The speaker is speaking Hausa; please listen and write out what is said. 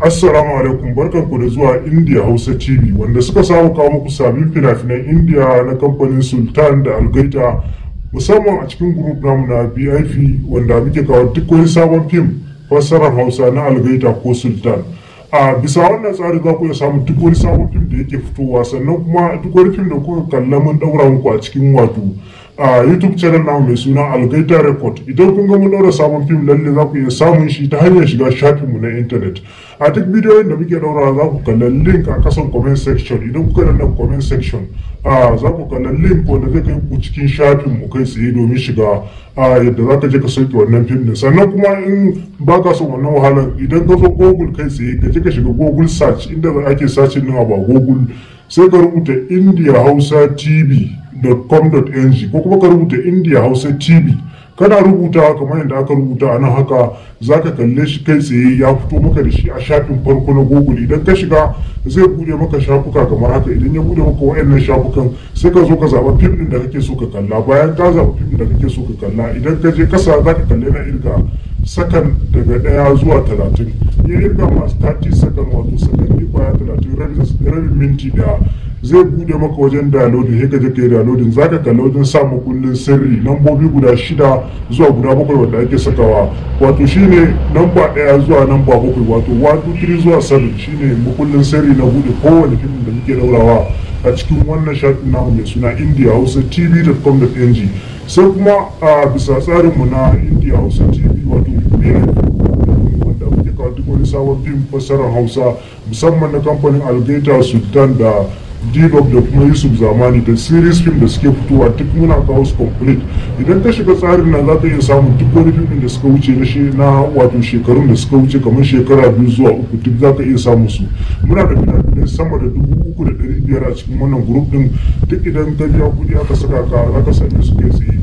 Assalamu alaikum ku da zuwa India Hausa TV wanda suka samu kawo muku sabbin fina-finan India na kamfanin Sultan da Algaita musamman a cikin group namu na BIP wanda muke kawo duk wani sabon fim fassarar Hausa na Algaita ko Sultan. A bisa wannan tsari za ku iya samu duk wani sabon fim da yake fitowa sannan kuma duk wani fim da kuka kalla mun daura muku a cikin wato a youtube channel namu mai suna algaita record idan kun ga mun daura sabon fim lalle za ku iya samun shi ta hanyar shiga mu na intanet a duk bidiyoyin da muke daura za ku kalla link a kasan comment section idan kuka nan comment section a za ku kalla link wanda zai kai ku cikin shafin mu kai tsaye domin shiga a yadda za ka je ka sauke wannan fim din sannan kuma in ba ka son wannan wahalar idan ka zo google kai tsaye ka je ka shiga google search inda ake searching nawa ba google sai ka rubuta india hausa tv dot-ng ko kuma ka rubuta india hausa tv kana rubuta kamar yadda aka rubuta a nan haka za ka kalle shi kai tsaye ya fito maka da shi a shafin farko na google idan ka shiga zai bude maka shafuka kamar haka idan ya bude maka wayannan shafukan sai ka zo ka zaba fim ɗin da kake so ka kalla bayan ka zaba fim ɗin da kake so ka kalla idan ka je kasa za ka kalle na irga sakan daga ɗaya zuwa talatin ya rika masu 30 sakan wato sakanni kwaya talatin rabin minti da zai bude maka wajen downloading sai ka je ka yi downloading za ka kalli wajen sa makullin sirri lambobi guda shida zuwa guda bakwai wanda ake sakawa wato shine namba daya zuwa namba bakwai wato 123 zuwa 7 shine makullin sirri na bude kowane fim da muke daurawa a cikin wannan shafin namu mai suna india hausa tv.com.ng sai kuma a ah, bisa tsarinmu na india hausa tv wato mai duk wani sabon fim fasarar hausa musamman na kamfanin algaita sultan da dibab da kuma yusuf zamani da series film da suke fitowa duk muna kawo su complete idan ka shiga tsarin na za ka iya samun duk wani film da suka wuce na wato shekarun da suka wuce kamar shekara biyu zuwa uku duk za ka iya samun su muna da fina-finai sama da dubu uku da ɗari biyar a cikin wannan group din duk idan ka biya kuɗi aka saka ka za ka sanya su ke tsaye